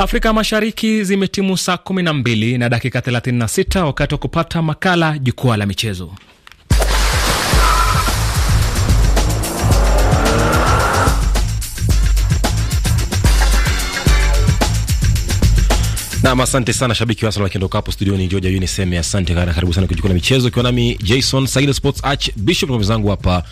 Afrika Mashariki zimetimu saa 12 na dakika 36 wakati wa kupata makala jukwaa la michezo. Nam, asante sana shabiki wa Arsenal. Akiondoka hapo studioni, Georgia Yuni seme asante kana, karibu sana kujikuna na michezo, ikiwa nami Jason Sagile Sports Arch Bishop na mwenzangu hapa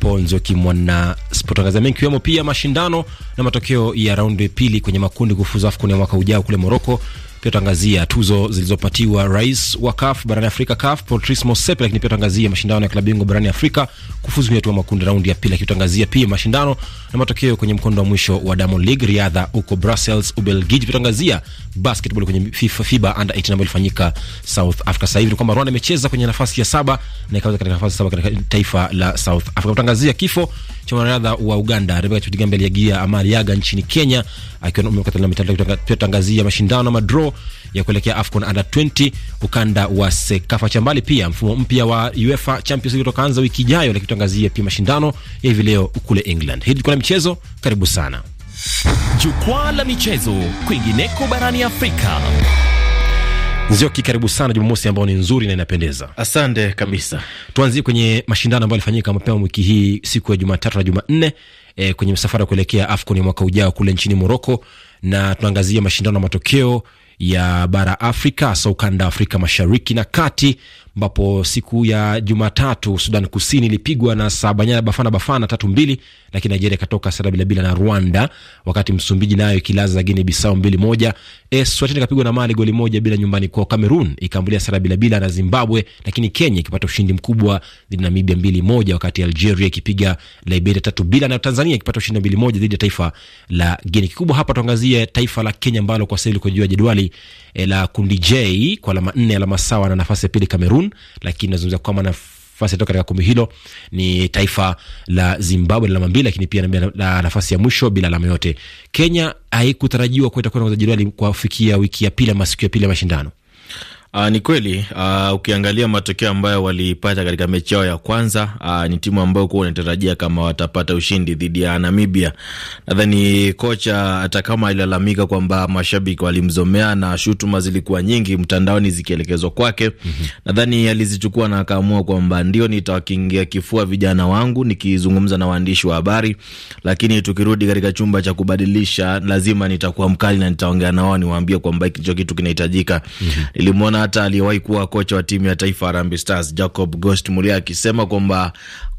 Ponzo Kimwana Sport, angazia mengi pia mashindano na matokeo ya raundi pili kwenye makundi kufuza AFCON ya mwaka ujao kule Moroko pia tutaangazia tuzo zilizopatiwa rais wa CAF barani Afrika, CAF Patrice Motsepe, lakini pia tutaangazia mashindano ya klabu bingwa barani Afrika kufuzu hatua makundi raundi ya pili, lakini tutaangazia pia mashindano na matokeo kwenye mkondo wa mwisho wa Diamond League riadha huko Brussels, Ubelgiji. Tutaangazia basketball kwenye FIFA FIBA under 18 ambayo ilifanyika South Africa. Sasa hivi ni kwamba Rwanda imecheza kwenye nafasi ya saba na ikaweza katika nafasi ya saba katika taifa la South Africa. Tutaangazia kifo cha wanariadha wa Uganda Rebeka Chitigambe aliagia amali yaga nchini Kenya akiwa na mkataba mitatu tutangazia mashindano ama draw ya kuelekea AFCON under 20 ukanda wa Sekafa mbali. Pia mfumo mpya wa UEFA Champions League utakaanza wiki ijayo, lakini tutangazia pia mashindano ya hivi leo kule England. Hili kwa michezo, karibu sana jukwaa la michezo kwingineko barani Afrika. Nzioki, karibu sana Jumamosi ambayo ni nzuri na inapendeza. Asante kabisa. Tuanzie kwenye mashindano ambayo yalifanyika mapema wiki hii siku ya Jumatatu na Jumanne e, kwenye msafara wa kuelekea AFCON mwaka ujao kule nchini Moroko, na tunaangazia mashindano ya matokeo ya bara Afrika hasa ukanda Afrika mashariki na kati, ambapo siku ya Jumatatu Sudan Kusini ilipigwa na Sabanyana Bafana Bafana tatu mbili, lakini Nigeria ikatoka sare bila bila na Rwanda, wakati Msumbiji nayo ikilaza Guinea Bissau mbili moja. Eswatini ikapigwa na Mali goli moja bila nyumbani kwao. Cameroon ikaambulia sara bila bila na Zimbabwe, lakini Kenya ikipata ushindi mkubwa dhidi ya Namibia mbili moja, wakati Algeria ikipiga Liberia tatu bila, na Tanzania ikipata ushindi mbili moja dhidi ya taifa la Guinea. Kikubwa hapa tuangazie taifa la Kenya ambalo kwa sasa liko juu ya jedwali eh, la kundi J kwa alama nne, alama sawa na nafasi ya pili Cameroon, lakini nazungumza kwamba nafasi toka katika kumbi hilo ni taifa la Zimbabwe la alama mbili, lakini pia na nafasi ya mwisho bila alama yote. Kenya haikutarajiwa kwenda kwenda kwenye jedwali wiki ya pili ama siku ya pili ya mashindano. Aa, ah, ni kweli aa, ah, ukiangalia matokeo ambayo walipata katika mechi yao ya kwanza aa, ah, ni timu ambayo kuwa unatarajia kama watapata ushindi dhidi ya Namibia. Nadhani kocha hata kama alilalamika kwamba mashabiki walimzomea na shutuma zilikuwa nyingi mtandaoni zikielekezwa kwake, mm -hmm. nadhani alizichukua na akaamua kwamba ndio nitawakingia kifua vijana wangu nikizungumza na waandishi wa habari, lakini tukirudi katika chumba cha kubadilisha lazima nitakuwa mkali na nitaongea nao niwaambie kwamba hicho kitu kinahitajika. mm -hmm. nilimwona hata aliyewahi kuwa kocha wa timu ya taifa Harambee Stars Jacob Ghost Mulia akisema kwamba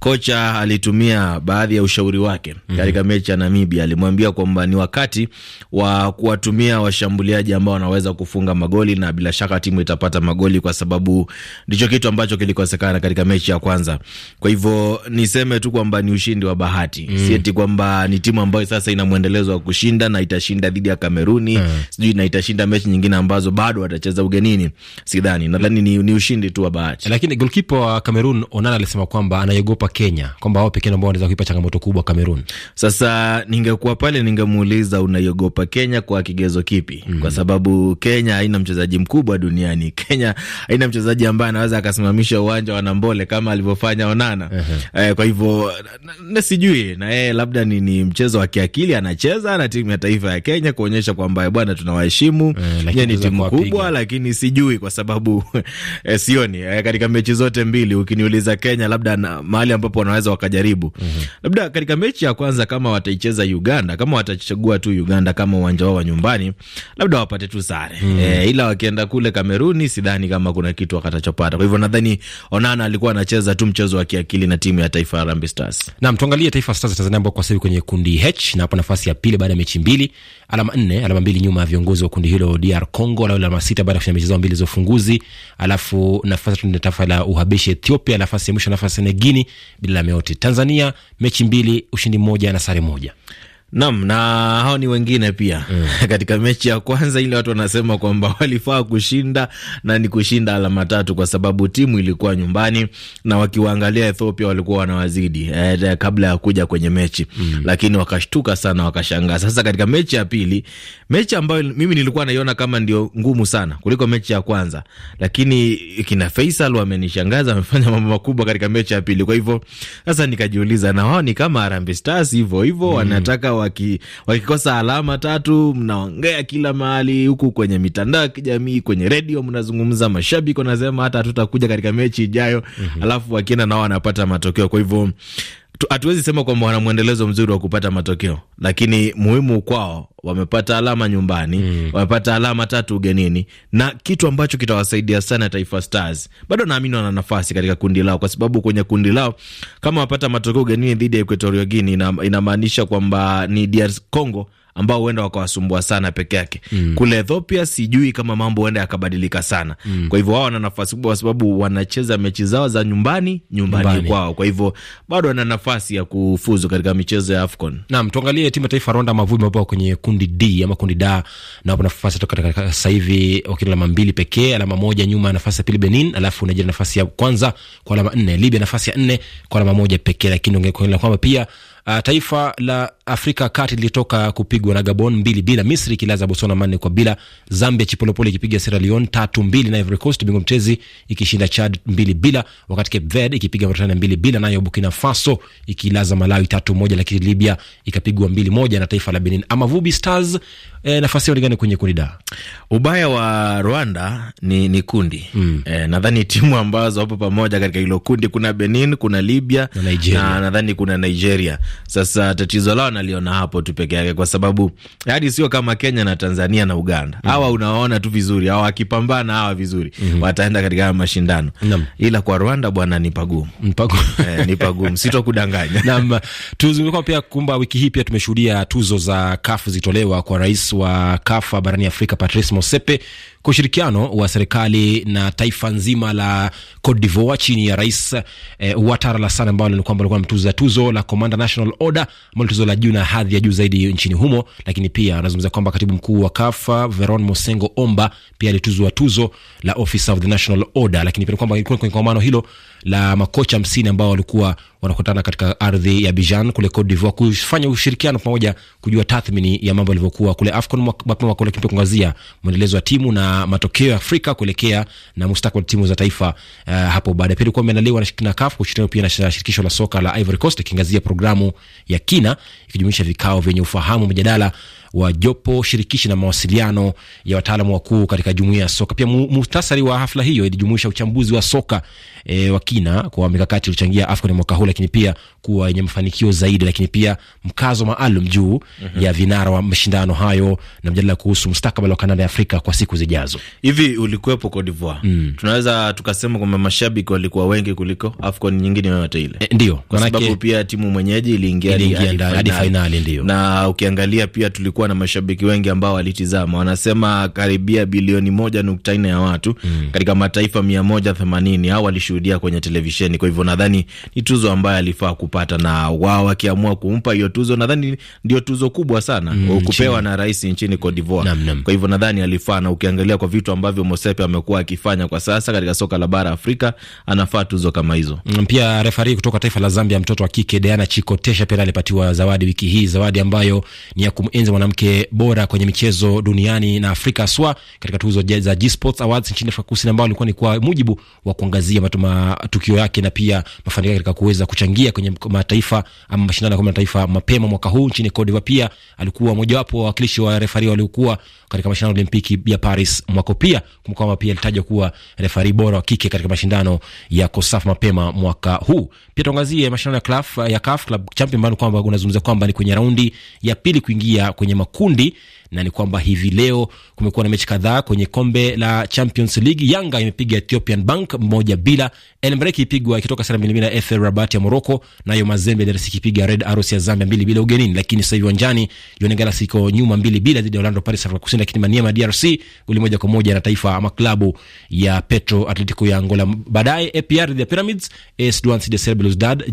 kocha alitumia baadhi ya ushauri wake mm -hmm. katika mechi ya Namibia. Alimwambia kwamba ni wakati wa kuwatumia washambuliaji ambao wanaweza kufunga magoli, na bila shaka timu itapata magoli, kwa sababu ndicho kitu ambacho kilikosekana katika mechi ya kwanza. Kwa hivyo niseme tu kwamba ni ushindi wa bahati mm -hmm. sieti kwamba ni timu ambayo sasa ina mwendelezo wa kushinda na itashinda dhidi ya Kameruni mm -hmm. sijui na itashinda mechi nyingine ambazo bado watacheza ugenini, sidhani. Nadhani ni, ni ushindi tu wa bahati, lakini golkipa wa Kamerun Onana alisema kwamba anaiogopa Kenya kwamba wao pekee ambao wanaweza kuipa changamoto kubwa Kamerun. Sasa ningekuwa pale, ningemuuliza unaiogopa Kenya kwa kigezo kipi? mm Kwa sababu Kenya haina mchezaji mkubwa duniani. Kenya haina mchezaji ambaye anaweza akasimamisha uwanja wa Nambole kama alivyofanya Onana. uh -huh. E, kwa hivyo na sijui na yeye labda ni, ni mchezo wa kiakili anacheza na timu ya taifa ya Kenya kuonyesha kwamba eh, bwana, tunawaheshimu eh, ni timu kubwa, lakini sijui kwa sababu e, sioni e, katika mechi zote mbili ukiniuliza Kenya labda na, mahali ambapo wanaweza wakajaribu mm -hmm. Labda katika mechi ya kwanza kama wataicheza Uganda, kama watachagua tu Uganda kama uwanja wao wa nyumbani, labda wapate tu sare mm -hmm. E, ila wakienda kule Kameruni sidhani kama kuna kitu wakatachopata. Kwa hivyo nadhani Onana alikuwa anacheza tu mchezo wa kiakili na timu ya taifa ya Harambee Stars. Naam, tuangalie Taifa Stars ya Tanzania ambao kwa sasa kwenye kundi H na hapo nafasi ya pili baada ya mechi mbili, alama nne, alama mbili nyuma ya viongozi wa kundi hilo DR Congo, alao alama sita baada ya kufanya mechi zao mbili za ufunguzi, alafu nafasi tatu ni taifa la Uhabeshi Ethiopia, nafasi ya mwisho nafasi ya Guinea bila meoti. Tanzania mechi mbili, ushindi mmoja na sare moja. Nam na hao ni wengine pia mm. Katika mechi ya kwanza ile watu wanasema kwamba walifaa kushinda na ni kushinda alama tatu kwa sababu timu ilikuwa nyumbani na wakiwaangalia Ethiopia walikuwa wanawazidi eh, kabla ya kuja kwenye mechi mm. Lakini wakashtuka sana, wakashangaa. Sasa katika mechi ya pili, mechi ambayo mimi nilikuwa naiona kama ndio ngumu sana kuliko mechi ya kwanza, lakini kina Faisal wamenishangaza, wamefanya mambo makubwa katika mechi ya pili. Kwa hivyo sasa nikajiuliza, na wao ni kama Harambee Stars hivyo hivyo mm. wanataka wa waki, wakikosa alama tatu, mnaongea kila mahali huku kwenye mitandao ya kijamii, kwenye redio mnazungumza, mashabiki wanasema hata hatutakuja katika mechi ijayo. mm -hmm. Alafu wakienda nao wanapata matokeo, kwa hivyo hatuwezi sema kwamba wana mwendelezo mzuri wa kupata matokeo, lakini muhimu kwao wamepata alama nyumbani mm. Wamepata alama tatu ugenini, na kitu ambacho kitawasaidia sana Taifa Stars. Bado naamini wana nafasi katika kundi lao, kwa sababu kwenye kundi lao kama wapata matokeo ugenini dhidi ya Equatorial Guinea, inamaanisha kwamba ni DR Congo ambao huenda wakawasumbua sana peke yake. Mm. Kule Ethiopia sijui kama mambo huenda yakabadilika sana. Mm. Kwa hivyo wao wana nafasi kubwa kwa sababu wanacheza mechi zao za nyumbani nyumbani, nyumbani kwao. Kwa hivyo bado wana nafasi ya kufuzu katika michezo ya AFCON. Naam, tuangalie timu ya taifa Rwanda mavumbi mabao kwenye kundi D ama kundi da, na wapo nafasi toka katika sasa hivi wakina alama mbili pekee, alama moja nyuma nafasi ya pili Benin, alafu Nigeria nafasi ya kwanza kwa alama nne, Libya nafasi ya nne kwa alama moja pekee, lakini ongea kwamba pia Uh, taifa la Afrika Kati lilitoka kupigwa na Gabon mbili bila, Misri ikilaza Botswana manne kwa bila, Zambia Chipolopolo ikipiga Sierra Leone tatu mbili, na Ivory Coast bingwa mtetezi ikishinda Chad mbili bila, wakati Cape Verde ikipiga Mauritania mbili bila, nayo Burkina Faso ikilaza Malawi tatu moja, lakini Libya ikapigwa mbili moja na taifa la Benin. Ama Vubi Stars E, nafasi yao ligani kwenye kundi da. Ubaya wa Rwanda ni, ni kundi mm. E, nadhani timu ambazo wapo pamoja katika hilo kundi kuna Benin, kuna Libya na nadhani kuna Nigeria. Sasa tatizo lao naliona hapo tu peke yake, kwa sababu yani sio kama Kenya na Tanzania na Uganda. mm. Hawa unawaona tu vizuri, hawa wakipambana hawa vizuri mm. wataenda katika mashindano, ila kwa Rwanda bwana ni pagumu, eh, ni pagumu, sitokudanganya. Naam, tuzungumza pia kumba, wiki hii pia tumeshuhudia tuzo za CAF zitolewa kwa rais wa CAF barani Afrika Patrice Motsepe kwa ushirikiano wa serikali na taifa nzima la Cote d'Ivoire chini ya rais eh, Ouattara Lassane ambao ni kwamba alikuwa mtuza tuzo la Commander National National Order ambalo tuzo la juu na hadhi ya juu zaidi nchini humo. Lakini pia anazungumza kwamba katibu mkuu wa Kafa Veron Mosengo Omba pia alituzwa tuzo la Officer of the National Order, lakini pia kwamba kwenye kongamano hilo la makocha hamsini ambao walikuwa wanakutana katika ardhi ya Bijan kule Cote d'Ivoire kufanya ushirikiano pamoja kujua tathmini ya mambo yalivyokuwa kule AFCON mapema mwaka ule, kuangazia mwendelezo wa timu na matokeo ya Afrika kuelekea na mustakabali timu za taifa. Uh, hapo baadaye pia ilikuwa imeandaliwa na CAF kwa ushirikiano pia na shirikisho la soka la Ivory Coast, ikiangazia programu ya kina ikijumuisha vikao vyenye ufahamu, mjadala wa jopo shirikishi na mawasiliano ya wataalamu wakuu katika jumuiya ya soka. Pia muhtasari wa hafla hiyo ilijumuisha uchambuzi wa soka e, wa kina kwa mikakati iliyochangia AFCON mwaka huu, lakini pia kuwa yenye mafanikio zaidi, lakini pia mkazo maalum juu mm -hmm. ya vinara wa mashindano hayo na mjadala kuhusu mustakabali wa kanada ya Afrika kwa siku zijazo. Hivi ulikuwepo Cote d'Ivoire? mm. tunaweza tukasema kwamba mashabiki walikuwa wengi kuliko AFCON nyingine yoyote ile e, ndio kwa sababu pia timu mwenyeji iliingia hadi fainali, ndio na ukiangalia pia tulikuwa kulikuwa na mashabiki wengi ambao walitizama. Wanasema karibia bilioni moja nukta nne ya watu mm. katika mataifa mia moja themanini au walishuhudia kwenye televisheni. Kwa hivyo nadhani ni tuzo ambayo alifaa kupata, na wao wakiamua kumpa hiyo tuzo, nadhani ndio tuzo kubwa sana mm, kupewa na rais nchini Cote d'Ivoire. Kwa hivyo nadhani alifaa, na ukiangalia kwa vitu ambavyo Mosepe amekuwa akifanya kwa sasa katika soka la bara Afrika, anafaa tuzo kama hizo. Mm, pia refari kutoka taifa la Zambia, mtoto wa kike Diana Chikotesha pia alipatiwa zawadi wiki hii, zawadi ambayo ni ya kumenzi mwanamke mwanamke bora kwenye michezo duniani na Afrika swa katika tuzo za G-Sports Awards nchini Afrika Kusini, ambao alikuwa ni kwa mujibu wa kuangazia matukio yake na pia mafanikio katika kuweza kuchangia kwenye mataifa ama mashindano ya kimataifa. Mapema mwaka huu nchini Cote d'Ivoire pia alikuwa mojawapo wa wawakilishi wa refari waliokuwa katika mashindano ya Olimpiki ya Paris mwaka pia kumkwamba pia alitajwa kuwa refari bora wa kike katika mashindano ya COSAF mapema mwaka huu. Pia tuangazie mashindano ya ya CAF Club Champion, Champions, kwamba unazungumzia kwamba ni kwenye raundi ya pili kuingia kwenye kwenye makundi, na ni kwamba hivi leo kumekuwa na mechi kadhaa kwenye kombe la Champions League. Yanga imepiga Ethiopian Bank moja bila, El Merreikh ipigwa ikitoka sare mbili na FAR Rabat ya Morocco, nayo Mazembe DRC ikipiga Red Arrows ya Zambia mbili bila ugenini. Lakini sasa hivi uwanjani Yone Galas iko nyuma mbili bila dhidi ya Orlando Paris ya Kusini, lakini Maniema DRC goli moja kwa moja na taifa ama klabu ya Petro Atletico ya Angola. Baadaye APR dhidi ya Pyramids, AS Douanes dhidi ya Serbia Belouizdad,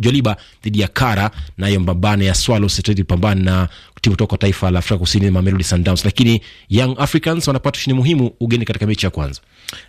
Joliba dhidi ya Kara, nayo Mbabane ya Swallows pambana na timu kutoka taifa la Afrika Kusini Mamelodi Sundowns, lakini Young Africans wanapata ushindi muhimu ugeni katika mechi ya kwanza.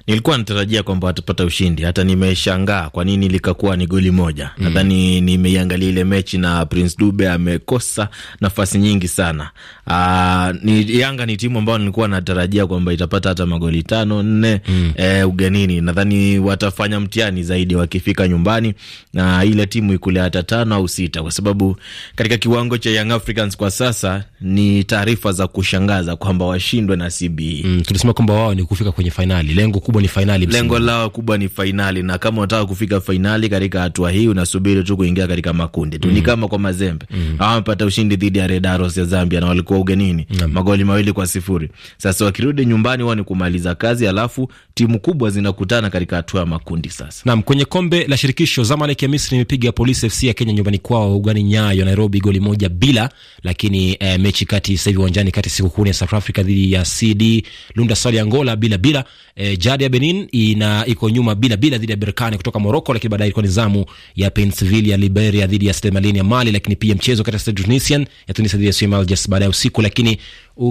Nilikuwa natarajia kwamba watapata ushindi, hata nimeshangaa kwa nini likakuwa ni goli moja. Mm. Nadhani nimeiangalia ile mechi na Prince Dube amekosa nafasi nyingi sana. Aa, ah, ni Yanga ni timu ambayo nilikuwa natarajia kwamba itapata hata magoli tano nne. Mm. E, ugenini nadhani watafanya mtihani zaidi wakifika nyumbani na ile timu ikule hata tano au sita, kwa sababu katika kiwango cha Young Africans kwa sasa sasa ni taarifa za kushangaza kwamba washindwe na CBE. Mm, tulisema kwamba wao ni kufika kwenye fainali, lengo kubwa ni fainali, lengo lao kubwa ni fainali, na kama unataka kufika fainali katika hatua hii unasubiri tu kuingia katika makundi tu. Mm. Ni kama kwa Mazembe mm. wamepata ushindi dhidi ya Red Arrows ya Zambia na walikuwa ugenini mm. magoli mawili kwa sifuri. Sasa wakirudi nyumbani wao ni kumaliza kazi, alafu timu kubwa zinakutana katika hatua ya makundi sasa. nam kwenye kombe la shirikisho Zamalek ya Misri imepiga Polisi FC ya Kenya nyumbani kwao ugani Nyayo Nairobi goli moja bila, lakini eh, mechi kati sasa hivi uwanjani kati siku sikukuni ya South Africa dhidi ya CD Lunda Stars ya Angola bila bila. Eh, Jadi ya Benin ina iko nyuma bila bila dhidi ya Berkane kutoka Morocco, lakini baadaye ilikuwa ni zamu ya Penseville ya Liberia dhidi ya Stade Malien ya Mali, lakini pia mchezo kati ya Stade Tunisien ya Tunisia dhidi ya SML just baadaye usiku, lakini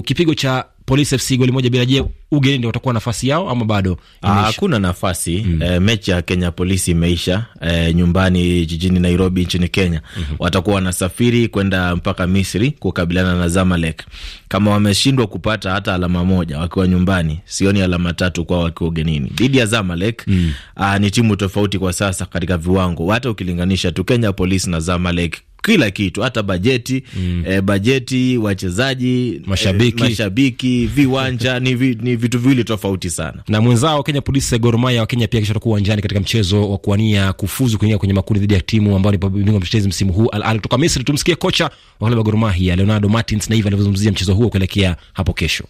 kipigo cha Police FC goli moja bila. Je, ugeni ndio watakuwa nafasi yao ama bado? Ah, hakuna nafasi mm. E, mechi ya Kenya Polisi imeisha e, nyumbani jijini Nairobi nchini Kenya mm -hmm. Watakuwa wanasafiri kwenda mpaka Misri kukabiliana na Zamalek. Kama wameshindwa kupata hata alama moja wakiwa nyumbani, sioni alama tatu kwao wakiwa ugenini dhidi ya Zamalek mm. A, ah, ni timu tofauti kwa sasa katika viwango, hata ukilinganisha tu Kenya Polisi na Zamalek kila kitu, hata bajeti mm. eh, bajeti, wachezaji, mashabiki, eh, mashabiki viwanja ni, vi, ni vitu viwili tofauti sana. Na mwenzao wa Kenya Police Gor Mahia wa Kenya pia kisha atakuwa uwanjani katika mchezo wa kuwania kufuzu kuingia kwenye makundi dhidi ya timu ambayo ni mabingwa mtetezi msimu huu Al Ahly kutoka Misri. Tumsikie kocha wa klabu ya Gor Mahia Leonardo Martins na hivi alivyozungumzia mchezo huo kuelekea hapo kesho.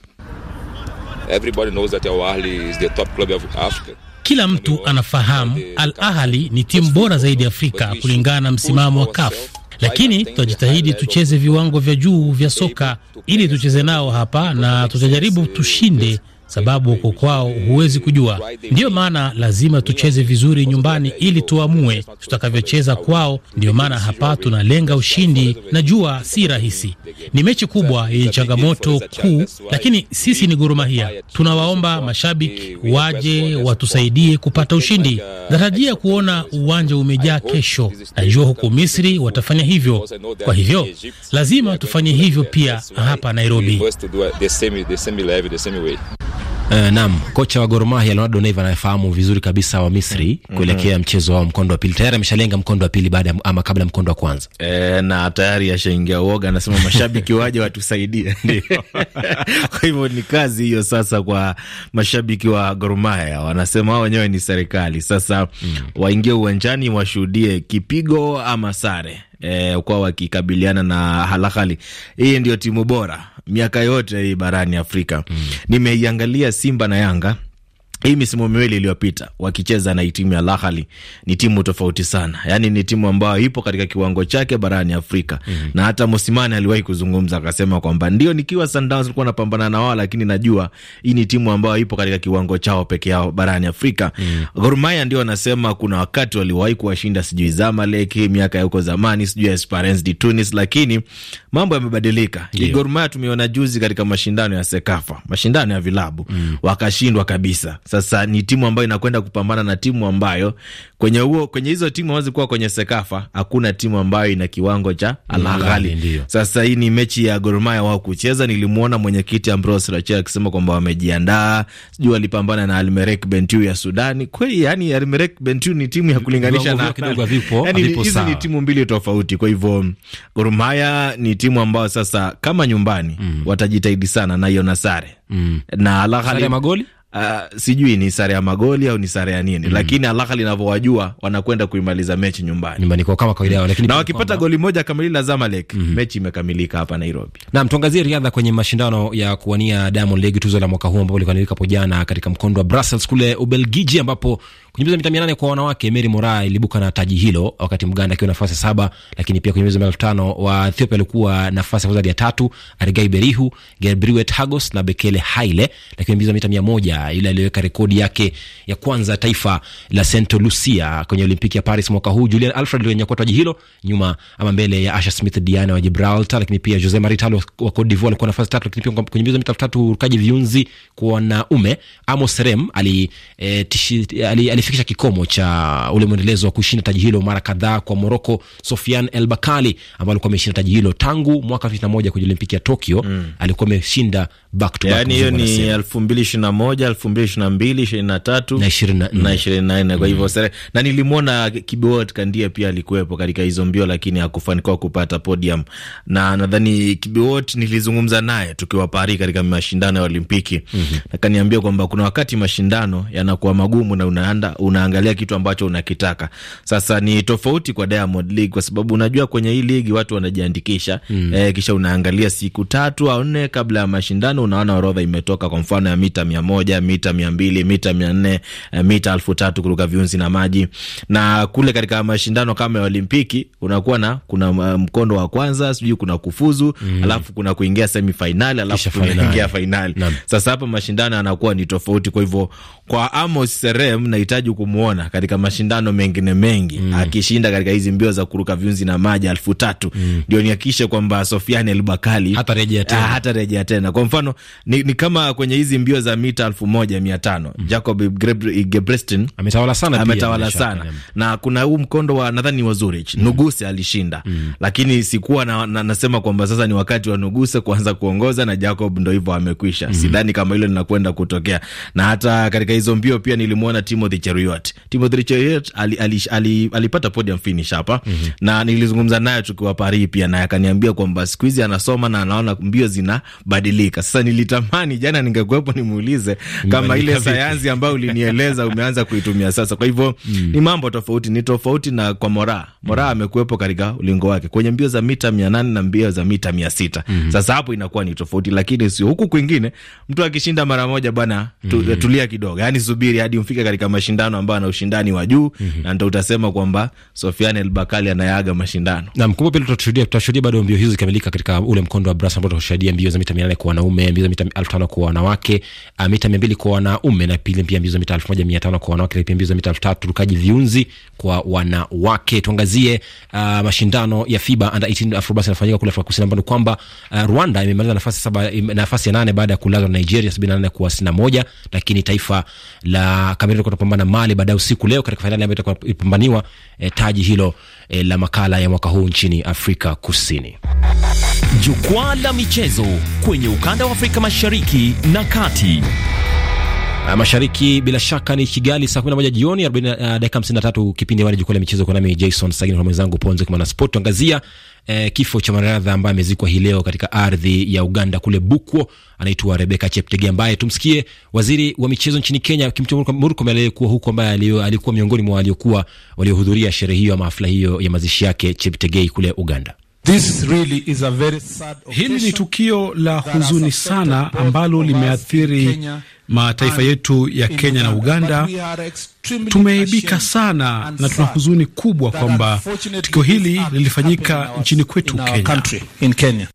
Everybody knows that Al Ahly is the top club of Africa. Kila mtu anafahamu Al Ahly ni timu bora zaidi Afrika kulingana na msimamo wa CAF lakini tutajitahidi tucheze viwango vya juu vya soka ili tucheze nao hapa, na tutajaribu tushinde sababu huko kwao huwezi kujua. Ndiyo maana lazima tucheze vizuri nyumbani ili tuamue tutakavyocheza kwao. Ndiyo maana hapa tunalenga ushindi. Najua si rahisi, ni mechi kubwa yenye changamoto kuu, lakini sisi ni Gor Mahia. Tunawaomba mashabiki waje watusaidie kupata ushindi. Natarajia kuona uwanja umejaa kesho. Najua huko Misri watafanya hivyo, kwa hivyo lazima tufanye hivyo pia hapa Nairobi. Uh, naam, kocha wa Gor Mahia Leonardo Neiva anayefahamu vizuri kabisa wa Misri mhm. kuelekea mchezo wao mkondo wa pili. Tayari ameshalenga mkondo wa pili baada ya ama kabla mkondo wa kwanza. Eh, na tayari ashaingia uoga, anasema mashabiki waje watusaidie. Ndio. Kwa hivyo ni kazi hiyo sasa kwa mashabiki wa Gor Mahia. Wanasema wao wenyewe ni serikali. Sasa mm, waingie uwanjani washuhudie kipigo ama sare. Eh, kwa wakikabiliana na halakali. Hii ndio timu bora miaka yote hii barani Afrika mm. Nimeiangalia Simba na Yanga hii misimu miwili iliyopita wakicheza na timu ya Al Ahly ni timu tofauti sana, yaani ni timu ambayo ipo katika kiwango chake barani Afrika. mm -hmm. Na hata Mosimane aliwahi kuzungumza akasema kwamba ndio, nikiwa Sundowns nilikuwa napambana na wao, lakini najua hii ni timu ambayo ipo katika kiwango chao peke yao barani Afrika. mm -hmm. Gor Mahia ndio anasema kuna wakati waliwahi kuwashinda sijui Zamalek miaka ya huko zamani, sijui Esperance de Tunis, lakini mambo yamebadilika. yeah. Gor Mahia tumeona juzi katika mashindano ya Sekafa, mashindano ya vilabu mm -hmm. wakashindwa kabisa sasa ni timu ambayo inakwenda kupambana na timu ambayo kwenye huo kwenye hizo timu hawezi kuwa kwenye Sekafa, hakuna timu ambayo ina kiwango cha Al Ahly. Sasa hii ni mechi ya Gor Mahia wao kucheza. Nilimwona mwenyekiti Ambrose Rachoa akisema kwamba wamejiandaa, sijui walipambana na Almerek Merrek Bentiu ya Sudani. Kweli yani Almerek Merrek Bentiu ni timu ya kulinganisha na yani, hizi ni timu mbili tofauti. Kwa hivyo Gor Mahia ni timu ambayo sasa kama nyumbani mm. watajitahidi sana na iona sare mm. na Al Ahly magoli uh, sijui ni sare ya magoli au ni sare ya nini mm Lakini alaka linavyowajua wanakwenda kuimaliza mechi nyumbani nyumbani kwa kama kawaida, lakini na wakipata goli moja kama lile la Zamalek mm -hmm. mechi imekamilika hapa Nairobi. Naam, tuangazie riadha kwenye mashindano ya kuwania Diamond League tuzo la mwaka huu ambapo likamilika hapo jana katika mkondo wa Brussels kule Ubelgiji ambapo Kwenye mbio za mita mia nane kwa wanawake, Mary Moraa ilibuka na taji hilo, wakati Mganda akiwa nafasi ya saba. Lakini pia kwenye mbio za mita elfu tano wa Ethiopia alikuwa nafasi ya kwanza hadi ya tatu, Arigai Berihu, Gebrewet Hagos na Bekele Haile. Lakini mbio za mita mia moja yule aliweka rekodi yake ya kwanza taifa la Saint Lucia kwenye Olimpiki ya Paris mwaka huu, Julian Alfred alinyakua taji hilo nyuma ama mbele ya Asha Smith Diana wa Gibraltar. Lakini pia Jose Maritalo wa Cote d'Ivoire alikuwa nafasi tatu. Lakini pia kwenye mbio za mita elfu tatu urukaji viunzi kwa wanaume, Amos Rem ali, eh, tishi, ali, ali alifikisha kikomo cha ule mwendelezo wa kushinda taji hilo mara kadhaa kwa Moroko Sofian El Bakali ambaye alikuwa ameshinda taji hilo tangu mwaka elfu 91 kwenye Olimpiki ya Tokyo. Mm. Alikuwa ameshinda back to back. Yaani hiyo ni elfu mbili 23 na mbili ishirini na tatu na na ishirini nne Kwa hivyo mm. sare na nilimwona Kibiwot Kandia pia alikuwepo katika hizo mbio, lakini hakufanikiwa kupata podium. Na nadhani Kibiwot nilizungumza naye tukiwa Paris katika mashindano ya Olimpiki. Mm -hmm. Akaniambia kwamba kuna wakati mashindano yanakuwa magumu na unaanda unaangalia kitu ambacho unakitaka. Sasa ni tofauti kwa Diamond League kwa sababu unajua kwenye hii ligi watu wanajiandikisha mm. eh, kisha unaangalia siku tatu au nne kabla ya mashindano, unaona orodha imetoka, kwa mfano ya mita mia moja, mita mia mbili, mita mia nne, eh, mita elfu tatu kuruka viunzi na maji. Na kule katika mashindano kama ya Olimpiki unakuwa na kuna eh, mkondo wa kwanza, sijui kuna kufuzu mm. alafu kuna kuingia semifinali alafu kuingia fainali. Sasa hapa mashindano yanakuwa ni tofauti, kwa hivyo kwa Amos Serem nahitaji tunataraji kumwona katika mashindano mengine mengi mm. akishinda katika hizi mbio za kuruka viunzi na maji elfu tatu mm. ndio mm. nihakikishe kwamba Sofiani Elbakali hatarejea tena. Ah, hatarejea tena. Kwa mfano ni, ni kama kwenye hizi mbio za mita elfu moja mia tano mm. Jacob Gebrestin ametawala sana, ametawala sana na kuna huu mkondo wa nadhani wa Zurich mm. Nuguse alishinda mm. lakini sikuwa na, na, nasema kwamba sasa ni wakati wa Nuguse kuanza kuongoza na Jacob ndo hivyo amekwisha mm. sidhani kama hilo linakwenda kutokea na hata katika hizo mbio pia nilimwona Timothy Cheruiyot. Timothy Cheruiyot alipata ali, ali, ali podium finish hapa mm -hmm. na nilizungumza naye tukiwa Paris pia, naye akaniambia kwamba siku hizi anasoma na anaona mbio zinabadilika. Sasa nilitamani jana ningekuwepo nimuulize kama ile sayansi ambayo ulinieleza umeanza kuitumia sasa. Kwa hivyo mm. ni mambo tofauti, ni tofauti na kwa Mora. Moraa. Moraa mm. amekuwepo katika ulingo wake kwenye mbio za mita mia nane na mbio za mita mia sita mm -hmm. Sasa hapo inakuwa ni tofauti, lakini sio huku kwingine, mtu akishinda mara moja bwana tu, mm -hmm. tulia kidogo, yani subiri hadi umfike katika mashindano mashindano ambayo ana ushindani wa juu mm -hmm. na ndo utasema kwamba Sofiane El Bakali anayaga mashindano. Na mkubwa pia tutashuhudia tutashuhudia bado mbio hizo zikamilika katika ule mkondo wa Brasa ambao tutashuhudia mbio za mita 800 kwa wanaume, mbio za mita 1500 kwa wanawake, ah, mita 200 kwa wanaume na pili pia mbio za mita 1500 kwa wanawake, na pia mbio za mita 3000 rukaji viunzi kwa wanawake. Tuangazie uh, mashindano ya FIBA Under 18 Afrobasket yanafanyika kule Afrika Kusini ambapo kwamba uh, Rwanda imemaliza nafasi saba, nafasi ya nane baada ya kulazwa na Nigeria 78 kwa 61, lakini taifa la Kamerun kutopambana Mali baadaye usiku leo katika fainali ambayo itakuwa ipambaniwa e, eh, taji hilo e, la makala ya mwaka huu nchini Afrika Kusini. Jukwaa la michezo kwenye ukanda wa Afrika Mashariki na Kati. Ah, mashariki bila shaka ni Kigali saa 11 jioni 40 ah, dakika 53, kipindi hewani jukwaa la michezo kwa nami Jason Sagini na mwenzangu Ponzo kwa Mwanaspoti. Tuangazia eh, kifo cha mwanariadha ambaye amezikwa hii leo katika ardhi ya Uganda kule Bukwo, anaitwa Rebecca Cheptegei, ambaye tumsikie waziri wa michezo nchini Kenya Kimchumba Murkomen aliyekuwa huko, ambaye alikuwa miongoni mwa waliokuwa waliohudhuria sherehe hiyo ama hafla hiyo ya mazishi yake Cheptegei kule Uganda. This really is a very sad. Hili ni tukio la huzuni sana ambalo limeathiri Kenya mataifa yetu ya Kenya na Uganda. Tumeaibika sana na tuna huzuni kubwa kwamba tukio hili lilifanyika nchini kwetu Kenya.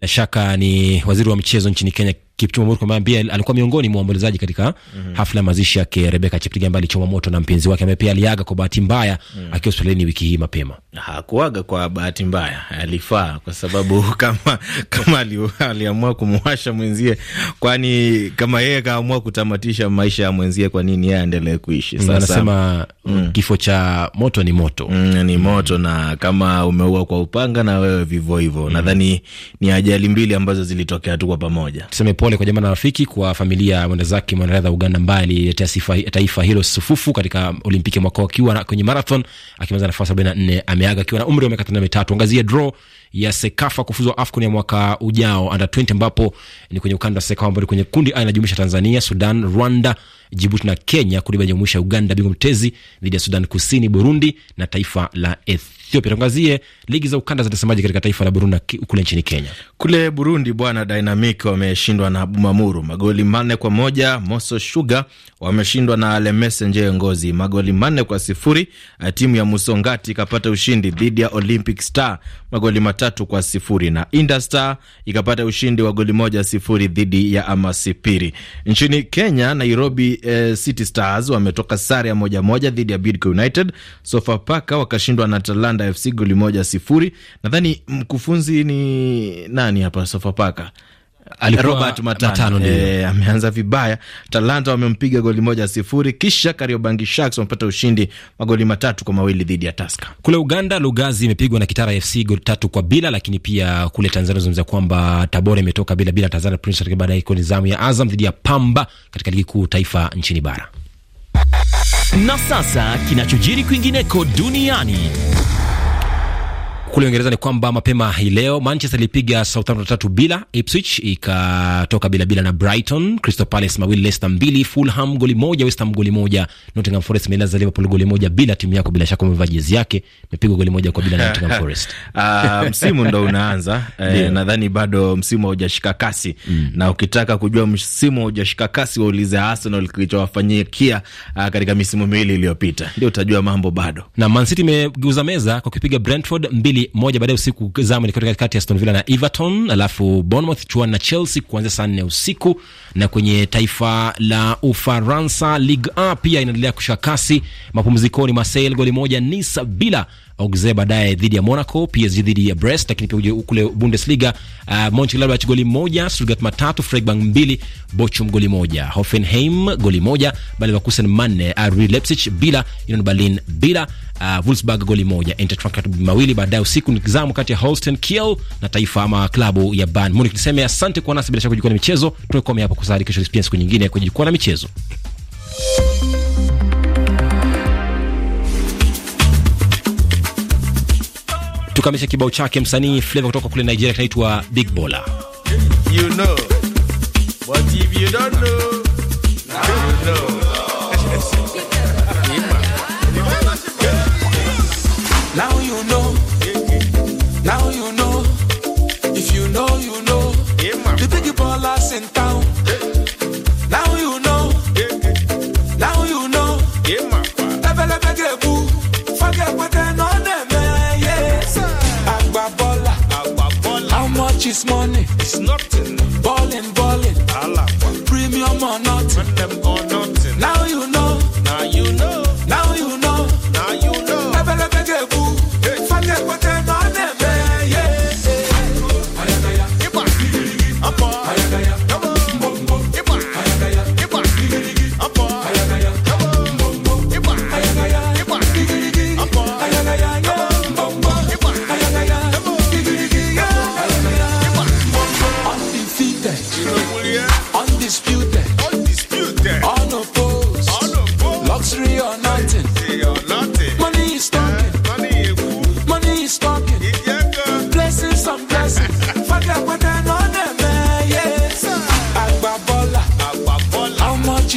Bila shaka ni waziri wa michezo nchini Kenya Kipchumba Murkomen ambaye alikuwa miongoni mwa waombolezaji katika mm -hmm. hafla ya mazishi yake Rebeka Cheptegei ambaye alichoma moto na mpenzi wake, ambaye pia aliaga kwa bahati mbaya mm -hmm. akiwa hospitalini wiki hii mapema. Hakuaga kwa bahati mbaya, alifaa kwa sababu kama kama aliamua kumwasha mwenzie, kwani kama yeye kaamua kutamatisha maisha ya mwenzie, kwa nini yeye aendelee kuishi? Sasa anasema mm. kifo cha moto ni moto mm, ni moto mm. na kama umeua kwa upanga na wewe vivyo hivyo mm. nadhani ni ajali mbili ambazo zilitokea tu kwa pamoja, tuseme pole kwa jamaa na rafiki, kwa familia ya mwendazake mwanariadha Uganda ambaye aliletea taifa hilo sufufu katika Olimpiki mwaka akiwa kwenye marathon akimaliza nafasi 44. Ameaga akiwa na umri wa miaka 33. Angazia draw ya Sekafa kufuzwa AFCON ya mwaka ujao under 20, ambapo ni kwenye ukanda wa Sekafa ambao ni kwenye kundi A inajumuisha Tanzania, Sudan, Rwanda Jibuti na Kenya kuli baada ya Uganda bingwa mtetezi dhidi ya Sudan Kusini, Burundi na taifa la Ethiopia. Tuangazie ligi za ukanda zinasemaje katika taifa la Burundi kule nchini Kenya. Kule Burundi bwana, Dynamic wameshindwa na Bumamuru magoli manne kwa moja. Moso Sugar wameshindwa na Lemese Nje Ngozi magoli manne kwa sifuri. Timu ya Musongati ikapata ushindi dhidi ya Olympic Star magoli matatu kwa sifuri na Indastar ikapata ushindi wa goli moja sifuri dhidi ya Amasipiri. Nchini Kenya, Nairobi eh, City Stars wametoka sare ya moja moja dhidi ya Bidco United. Sofapaka wakashindwa na Talanda FC goli moja sifuri. Nadhani mkufunzi ni nani hapa Sofapaka? alikuwa Robert Matano e, ameanza vibaya. Talanta wamempiga goli moja sifuri, kisha Kariobangi Sharks wamepata ushindi magoli matatu kwa mawili dhidi ya Tusker. Kule Uganda Lugazi imepigwa na Kitara FC goli tatu kwa bila, lakini pia kule Tanzania zungumza kwamba Tabora imetoka bila bila Tanzania Prince katika baada ya nizamu ya Azam dhidi ya Pamba katika ligi kuu taifa nchini bara. Na sasa kinachojiri kwingineko duniani kule Uingereza ni kwamba mapema hii leo Manchester ilipiga Southampton tatu bila, Ipswich ikatoka bila bila na Brighton, Crystal Palace mawili, Leicester mbili, Fulham goli moja, West Ham goli moja, Nottingham Forest imeleza Liverpool goli moja bila. Timu yako bila shaka umevaa jezi yake, imepigwa goli moja kwa bila na Nottingham Forest. Uh, msimu ndo unaanza eh, nadhani bado msimu haujashika kasi mm. Na ukitaka kujua msimu haujashika kasi, waulize Arsenal kilichowafanyikia uh, katika misimu miwili iliyopita, ndio utajua mambo bado. Na Man City imegeuza meza kwa kupiga Brentford mbili mbili moja baadaye usiku, zamu ni katika kati ya Aston Villa na Everton, alafu Bournemouth chuan na Chelsea kuanzia saa nne usiku. Na kwenye taifa la Ufaransa, Ligue 1 pia inaendelea kushika kasi. Mapumzikoni, Marseille goli moja Nice bila Auxerre baadaye dhidi ya Monaco, PSG dhidi ya Brest. Lakini pia kule Bundesliga, uh, Monchengladbach goli moja, Stuttgart matatu, Freiburg mbili, Bochum goli moja, Hoffenheim goli moja, Bayer Leverkusen manne, RB Leipzig bila, Union Berlin bila uh, Wolfsburg goli moja, Eintracht mawili. Baadaye usiku ni kizamu kati ya Holstein Kiel na taifa ama klabu ya Bayern Munich. Niseme asante kwa nasi bila shaka kujikwa na michezo. Tunakomea hapo kwa sasa, kesho tusipiane siku nyingine ya kujikwa na michezo. Tukamisha kibao chake msanii Flavor kutoka kule Nigeria kinaitwa Big Bola. You know, but if you don't know, now you know. this money. It's nothing. Ballin', ballin'. Alaba. Premium or nothing. When them or nothing. Now you know.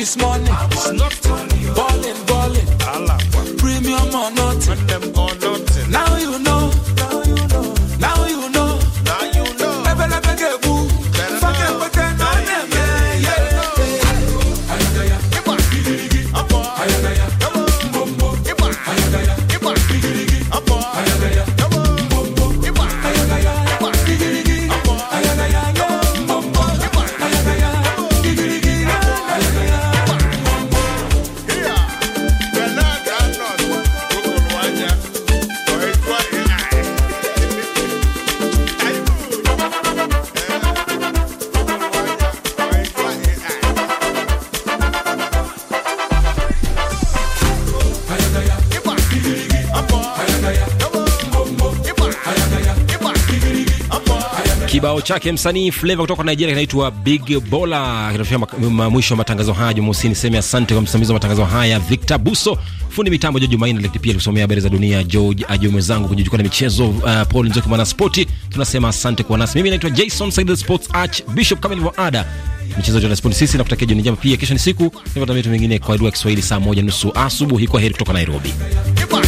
is money. It's not ballin', ballin'. Premium or nothing. kibao chake msanii Flavor kutoka Nigeria kinaitwa Big Bola kinatufia mwisho wa matangazo haya. Jumusi ni seme asante kwa msimamizi wa matangazo haya Victor Buso, fundi mitambo George Maina, lakini pia alikusomea habari za dunia George Ajo, mwenzangu kwenye jukwaa la michezo uh, Paul Nzoki, mwana spoti. Tunasema asante kwa nasi. Mimi naitwa Jason Said, the sports arch bishop, kama ilivyo ada michezo ya spoti. Sisi nakutakia jioni njema, pia kesho ni siku hivyo, tutametu mengine kwa idhaa ya Kiswahili saa 1:30 asubuhi. Kwa heri kutoka Nairobi. Kipa.